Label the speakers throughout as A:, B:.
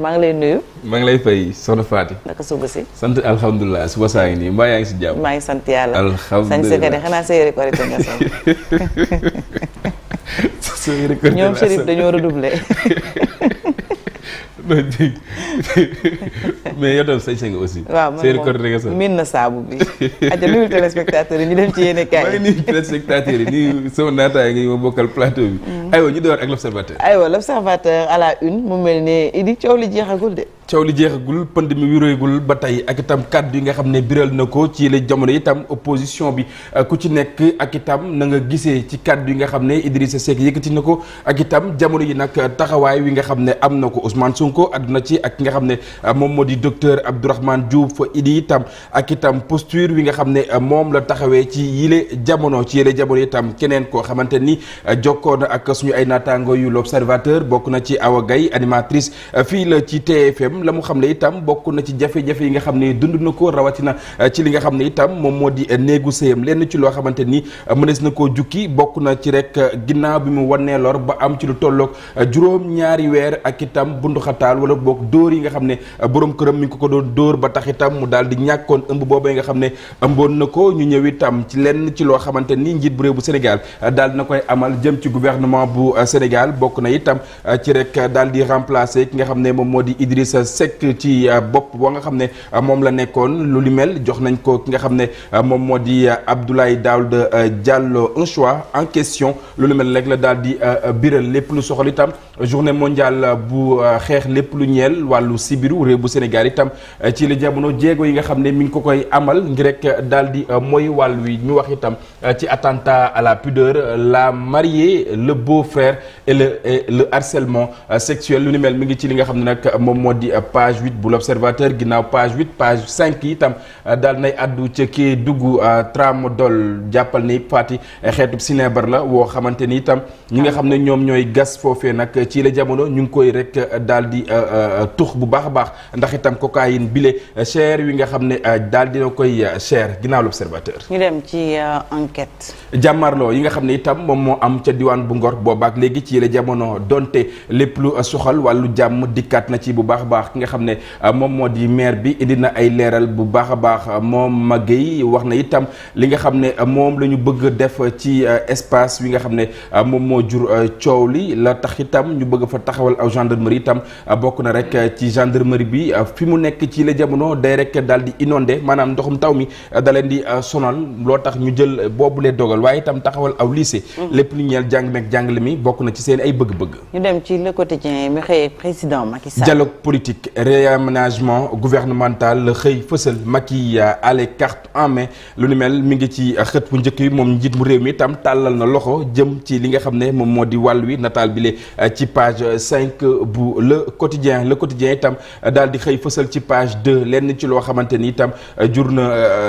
A: maa ngi lay nuyu. maa ngi lay fay soxna Faty. naka suba si. sant alhamdulilah suba saa ngi nii mbaa ngi si jàmm. maa ngi sant yàlla. alhamdulilah sañ sëkkane xanaa sa yëre korite nga sant.
B: sa yëre korite ñoom Chérif dañoo redoubler. dégg
A: mais yow tam sañse nga aussi. waaw man
B: miin na saabu bi. aja nuyul téléspectateur yi ñu dem ci yéene kaay.
A: maa ngi nuyu téléspectateur yi nii sama naataay ngi ma bokkal plateau bi. Mm. aywa ñu door ak l'
B: aywa l' à la une mu mel ne Idi coow li jeexagul de.
A: coow li jeexagul pënd mi wéroygul ba tey ak itam kàddu yi nga xam ne biral na ko ci la jamono itam opposition bi euh, ku ci nekk ak itam na nga gisee ci kàddu yi nga xam ne Idrissa Seck yëkkati na ko ak itam jamono yi nag taxawaay wi nga xam ne am na ko Ousmane Sonko àdduna ci ak nga xam ne euh, moom moo di docteur Abdourahmane Diouf fa idi itam ak itam posture wi nga xam ne euh, moom la taxawee ci yile jamono ci yile jamono itam keneen koo xamante ni jokkoo na ak suñu ay naataango yu l'observateur bokk na ci Awa Gaye animatrice fii la ci TFM moom la mu xam ne itam bokk na ci jafe-jafe yi nga xam ne dund na ko rawatina euh, ci li nga xam ne itam moom moo di euh, néegu sëyam lenn ci loo xamante ni euh, mënees na koo jukki bokk na ci rek ginnaaw bi mu wannee lor ba am ci lu tolloog juróom ñaari weer ak itam bunduxataal wala boog dóor yi nga xam ne borom këram mi ngi ko ko dóor ba tax itam mu daal di ñàkkoon ëmb boobee nga xam ne ëmboon na ko ñu ñëw itam ci lenn ci loo xamante ni njiit bu réew bu Sénégal di na koy amal jëm ci gouvernement bu Sénégal bokk na itam ci rek daal di remplacer ki nga xam ne moom moo di Idrissa Seck ci euh, bopp ba nga xam ne euh, moom la nekkoon lu li jox nañ ko ki nga xam ne euh, moom moo di Abdoulaye Daouda Diallo un choix en question lu li mel rek la daal di biral lépp lu soxal itam journée mondiale bu xeex lépp lu ñeel wàllu sibiru réew bu Sénégal itam ci la jamono jéego yi nga xam ne mi ngi ko koy amal ngi rek daal di moy wàll wi ñu wax itam ci attentat à la pudeur la mariée le beau et le harcèlement sexuel lu ni mi ngi ci li nga xam ne nag page huit bu l'observateur ginnaaw page huit page cinq itam euh, daal nay addu ca kii dugg euh, Tramadol jàppal na ni Fatick xeetub sinébar la woo xamante ni itam ñi nga xam ne ñoom ñooy gas foofe nag ci la jamono ñu ngi koy rek euh, daal di tux bu baax a baax ndax itam cocaïne bile cher wi nga xam ne daal dina koy cher ginnaaw l'observateur.
B: ñu dem ci enquête.
A: jàmmarloo yi nga xam ne itam moom moo am ca diwaan bu Ngor boobaak léegi ci la jamono donte lépp lu soxal wàllu jàmm dikkaat na ci bu baax baax. baax ki nga xam ne euh, moom moo di maire bi indi na ay leeral bu baax a baax euh, moom Maguèye wax na itam li nga xam ne euh, moom la ñu bëgg def ci espace wi nga xam ne moom moo jur coow li la tax itam ñu bëgg fa taxawal aw gendarmerie itam bokk na rek ci gendarmerie bi fi mu nekk ci la jamono day rek daal di inondé maanaam ndoxum taw mi da leen di sonal loo tax ñu jël boobu lee dogal waaye itam taxawal aw lycée mm-hmm. lépp lu ñeel jàng meeg jàngale mi bokk na ci seen ay bëgg politique réaménagement gouvernemental la xëy fësal Macky à euh, la carte en main lu ni mel mu ngi ci xët bu njëkk yi moom njiit mu réew mi itam tàllal na loxo jëm ci li nga xam ne moom moo di wàll wi nataal bi le euh, ci page cinq bu le quotidien le quotidien itam euh, dal di xëy fësal ci page deux lenn ci loo xamante ni itam jur na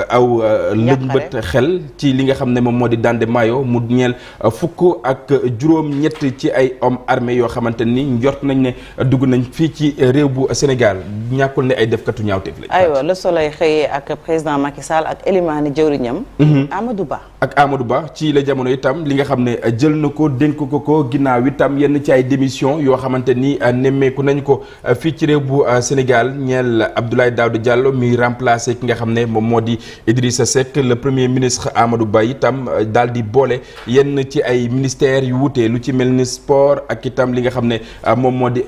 A: aw lëñbët xel ci li nga xam ne moom moo di dande maayo mu ñeel fukk ak juróom ñett ci ay hommes armés yoo xamante ni njort nañ ne dugg nañ fii ci réew bu Sénégal ñàkkul ne ay defkatu ñaawteef lañ. aywa
B: le soleil xëyee ak président Macky ak
A: élimaani jëwriñam. Mhm. Amadou Ba. ak Amadou Ba ci la jamono itam li nga xam ne euh, jël na ko dénk ko ko ginnaaw itam yenn ci ay démission yoo xamante ni euh, nemmeeku nañ ko euh, fii ci réew bu Sénégal ñeel Abdoulaye Daouda Diallo mi remplacé ki nga xam ne moom moo di Idrissa Seck le premier ministre Amadou Ba itam daal di boole yenn ci ay ministères yu wuute lu ci mel ni sport ak itam li nga ne moom moo di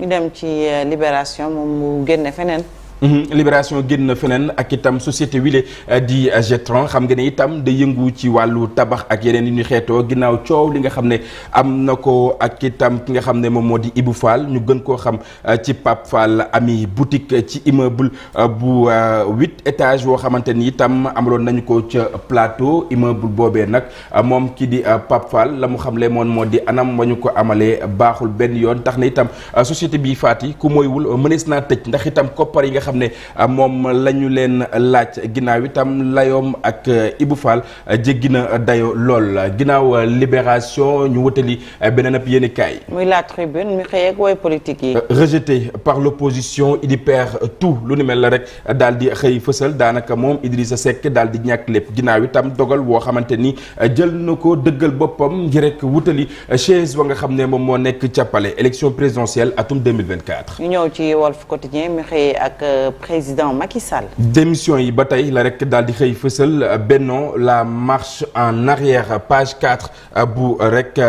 B: ñu dem ci euh, libération moom mu génne feneen
A: Mhm. libération génn na feneen ak itam société wile euh, di euh, Getran xam nga ne itam da yëngu ci wàllu tabax ak yeneen yu ñu xeetoo ginnaaw coow li nga xam ne am na ko ak itam ki nga xam ne moom moo di Ibou Fall ñu gën koo xam euh, ci Pape Fall ami boutique ci immeuble bu huit étages woo xamante ni itam amaloon nañu ko ca plateau immeuble boobee nag moom ki di Pape la mu xamle moon moo di anam ñu ko amalee baaxul benn yoon tax na itam société bi faat ku mooywul mënees naa tëj ndax itam koppar yi nga xam ne euh, la ñu leen laaj ginnaaw itam layoom ak euh, Ibou Fall euh, jéggi na dayo lool ginnaaw libération ñu wutali beneen ab yéenekaay
B: muy la tribune mi xëy ak woy politique
A: yi. rejeté par l'opposition lu ni mel la rek daal di xëy fësal daanaka moom Idrissa Seck daal di ñàkk lépp ginnaaw itam dogal woo xamante ni jël na ko dëggal boppam ngir rek wutali chaise wa nga xam ne moom moo nekk ca palais élection présidentielle atum 2024.
B: ñu ñëw ci Walf Quotidien mi xëy ak. président Macky Sall.
A: démission yi ba tey la rek daal di xëy fësal euh, Benno la marche en arrière page 4 euh, bu euh, rek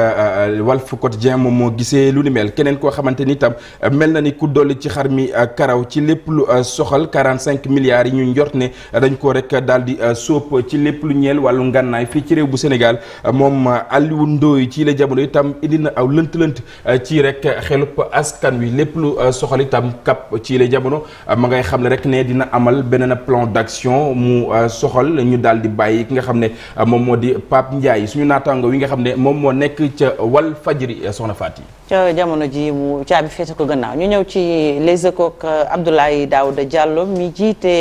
A: Walf Quotidien moom moo gisee lu ni mel keneen koo xamante ni itam mel na ni ku dolli ci xar mi karaw ci lépp lu soxal 45 milliards yi ñu njort ne dañ ko rek daal di sóop ci lépp lu ñeel wàllu ngànnaay fii ci réew bu Sénégal moom Aliou Ndoye ci la jamono itam indi na aw lënt-lënt ci rek xelub askan wi lépp lu soxal itam kap ci la jamono ma ngay may xam ne rek ne dina amal beneen plan d'action mu euh, soxal ñu daal di bàyyi ki nga xam ne euh, moom moo di Pape Ndiaye suñu naataango wi nga xam ne moom moo nekk ca wal fajri euh, soxna Faty
B: ca jamono ji mu caabi feete ko gannaaw ñu ñëw ci les échos Abdoulaye Daouda Diallo mi jiite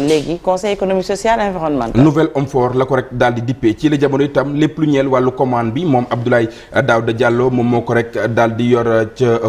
B: léegi conseil économique social environnemental.
A: nouvel homme fort la ko rek daal di ci jamono itam lépp lu ñeel wàllu commande bi moom Abdoulaye Daouda Diallo moom moo ko rek daal di yor ca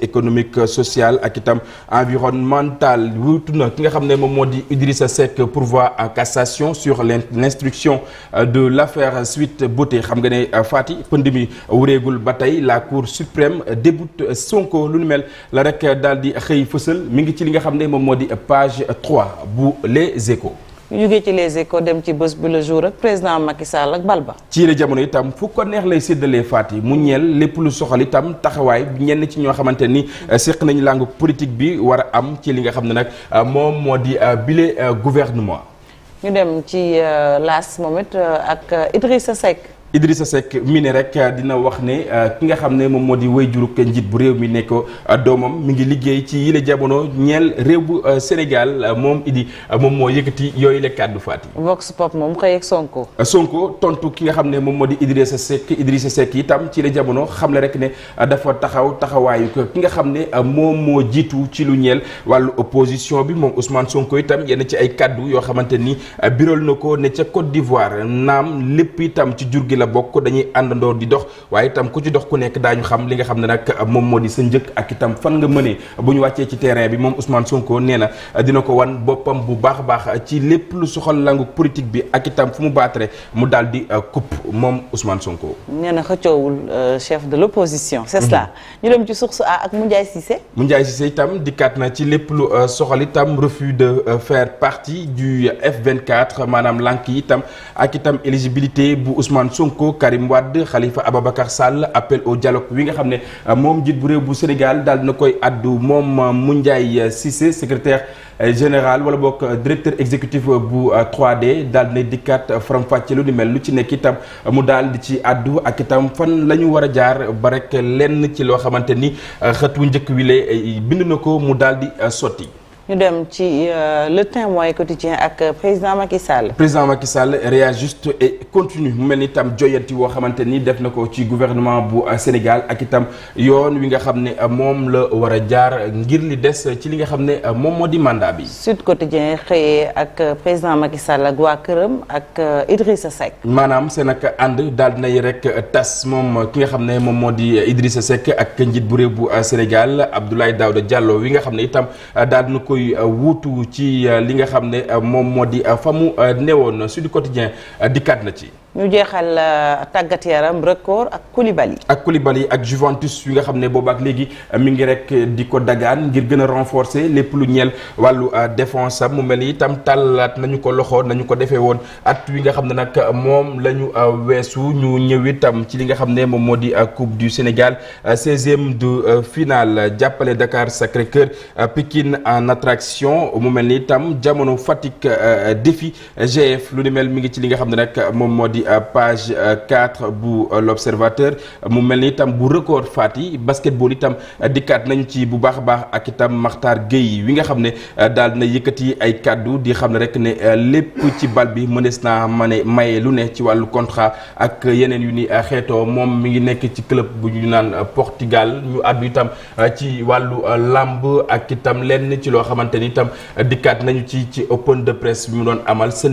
A: économique social ak itam environnemental. Sall wuutu ki nga xam ne moom moo di Idrissa Seck pourvoi en cassation sur l'instruction euh, de l'affaire Sweet Beauté xam nga ne euh, Fati pënd mi wureegul ba tey la Cour suprême euh, déboute Sonko lu nu mel la rek daal di xëy fësal mu ngi ci li nga xam ne moom moo di page trois bu Les Échos
B: jógee ci les échos dem ci bés bi le jour ak président Macky Sall ak Balba.
A: ci la jamono itam fu ko neex lay séddalee faat yi mu ñeel lépp lu soxal itam taxawaay ñenn ci ñoo xamante ni euh, seq nañu langue politique bi war a am ci li nga xam ne nag euh, moom moo di euh, bile gouvernement.
B: ñu dem ci laas moom it ak Idrissa Seck.
A: Idrissa Seck mi ne rek euh, dina wax ne euh, ki nga xam ne moom moo di wéy jurug njiit bu réew mi ne ko euh, doomam mi ngi liggéey ci yile jamono ñeel réew bu Sénégal moom idi moom moo yëkkati yooyu la kàddu faat
B: moom xëy Sonko.
A: Sonko tontu ki nga xam ne moom moo di Idrissa Seck Idrissa Seck itam ci la jamono xam le rek ne dafa taxaw taxawaayu ki nga xam ne moom moo jiitu ci lu ñeel wàllu opposition bi moom Ousmane Sonko itam yenn ci ay kàddu yoo xamante ni biral na ko ne ca Côte d'Ivoire naam lépp itam ci jur gi la bokk dañuy àndandoo di dox waaye itam ku ci dox ku nekk daañu xam li nga xam ne nag moom moo di sa njëkk ak itam fan nga mënee bu ñu wàccee ci terrain bi moom Ousmane Sonko nee na dina ko wan boppam bu baax a baax ci lu soxal langu politique bi ak itam fu mu baatare mu daal di euh, coupe moom Ousmane Sonko.
B: nee na xëccoowul euh, chef de l'opposition. c'est cela mhm. ñu dem ci source A ak Moundiaye Cissé.
A: Moundiaye Cissé itam dikkaat na ci lépp lu euh, soxal itam refus de faire partie du F24 maanaam lank yi itam ak itam éligibilité bu Ousmane Sonko. Sonko Karim Wade Khalifa Ababacar Sall appel au dialogue wi nga xam ne euh, moom jiit bu réew bu Sénégal daal na koy addu moom euh, Moundiaye euh, Cissé secretaire général wala bokk directeur exécutif bu trois d daal na dikkaat faram lu ni mel lu ci nekk itam mu daal di ci addu ak itam fan la ñu war a jaar ba rek lenn ci loo xamante ni xët wu njëkk wile bind na ko mu daal di sotti.
B: ñu dem ci euh, le témoin quotidien ak euh, président Macky Sall.
A: président Macky Sall réajuste et continue mu mel ni tam joyanti woo xamante ni def na ko ci gouvernement bu euh, Sénégal ak itam yoon wi nga xam ne moom la war a jaar ngir li des ci li nga xam ne moom moo di mandat bi. Sud
B: Quotidien xëyee ak président Macky Sall ak waa këram ak Idrissa Seck.
A: maanaam seen ak ànd daal dinay rek tas moom ki nga xam ne moom moo di Idrissa Seck ak njiit bu réew bu Sénégal Abdoulaye koy euh, wuutu ci euh, li nga xam ne euh, moom moo di fa mu newoon Sud Quotidien dikkaat na ci.
B: ñu jeexal euh, tàggat
A: yaram record ak Koulibaly ak Koulibaly ak Juventus yi nga xam ne boobaak léegi euh, mi ngi rek euh, di ko dagaan ngir gën a renforcer lépp lu ñeel wàllu défense am mu mel ni itam tàllaat nañu ko loxo nañu ko defee woon at wi nga xam ne nag moom lañu weesu ñu ñëw itam ci li nga xam ne moom moo di Coupe du Sénégal seizième du finale jàppale Dakar Sacré-Cœur Pikine en attraction mu mel ni itam jamono Fatick défi GF lu ni mel mi ngi ci li nga xam ne nag moom di ci euh, page 4 euh, bu euh, l'observateur mu mel ni itam bu record faat yi basketball itam dikkaat nañu ci bu baax a baax ak itam Makhtar yi wi nga xam ne daal dina yëkkati ay kàddu di xam ne rek ne lépp ci bal bi mënees naa ne maye lu ne ci wàllu contrat ak yeneen yu ni xeetoo moom mi ngi nekk ci club bu ñu naan Portugal ñu àddu itam ci wàllu làmb ak itam lenn ci loo xamante ni itam dikkaat nañu ci ci open de presse bi mu doon amal ce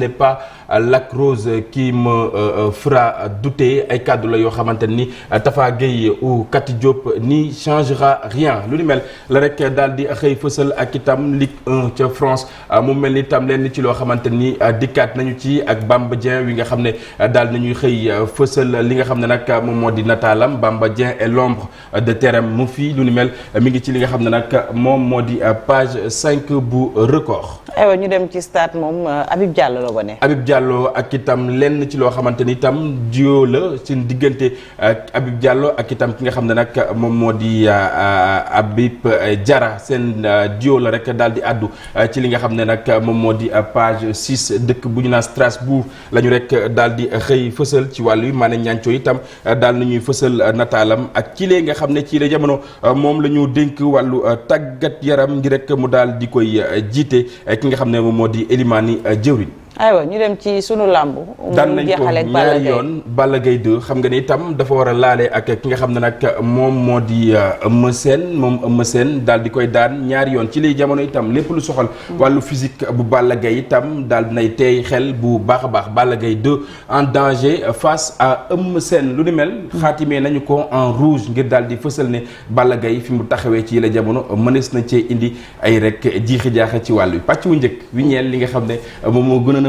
A: Lac Rose qui Euh, euh, fera douter ay kàddu la yoo xamante ni euh, Tafa Gueye ou Kati Diop n'y changera rien lu ni mel la rek daal di xëy fësal ak itam Ligue 1 ca France mu mel ni tam lenn ci loo xamante ni dikkaat nañu ci ak Bamba Dieng wi nga xam ne daal nañuy xëy fësal li nga xam ne nag moom moo di nataalam Bamba Dieng et l'ombre de terrain mu fii lu ni mel mi ngi ci li nga xam ne nag moom moo di page 5 bu record.
B: aywa ñu dem ci stade moom
A: Habib Diallo la wane. Habib Diallo ak itam lenn xamante ni itam duo la diggante Habib Diallo ak itam ki nga xam ne nag moom moo di euh, euh, Habib euh, Diarra seen duo la rek daal di àddu ci li nga xam ne nag moom moo di page 6 dëkk bu ñu naan Strasbourg la ñu rek daal di xëy fësal ci wàllu yi maanaam ñaancoo itam daal nañuy fësal nataalam ak ci lee nga xam ne ci la jamono moom la ñu dénk wàllu tàggat yaram ngi rek mu daal di koy jiite ki nga xam ne moom moo di Elimani Jëwriñ
B: aywa ñu dem ci sunu làmb daan nañ ko ñaari yoon
A: Balla Gaye 2 xam nga ne itam dafa war a laale ak ki nga xam ne nag moom moo di euh, Eumeu seen moom Eumeu Sène daal di koy daan ñaari yoon ci lay jamono itam lépp lu soxal wàllu physique bu Balla gay itam daal nay teey xel bu baax a baax Balla Gaye 2 en danger face à Eumeu Sène lu ni mel xaatimee nañu ko en rouge ngir daal di fësal ne Balla gay fi mu taxawee ci la jamono mënees na cee indi ay rek jiixi jaaxa ci wàll pàcc wu njëkk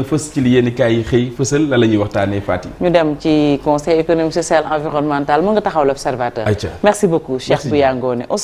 A: li a fës ci li yéen kaay yi xëy fësal la la ñuy waxtaanee Fati.
B: ñu dem ci conseil économique social environnemental mu nga taxaw l'observateur. merci beaucoup Cheikh Bouya Ngoné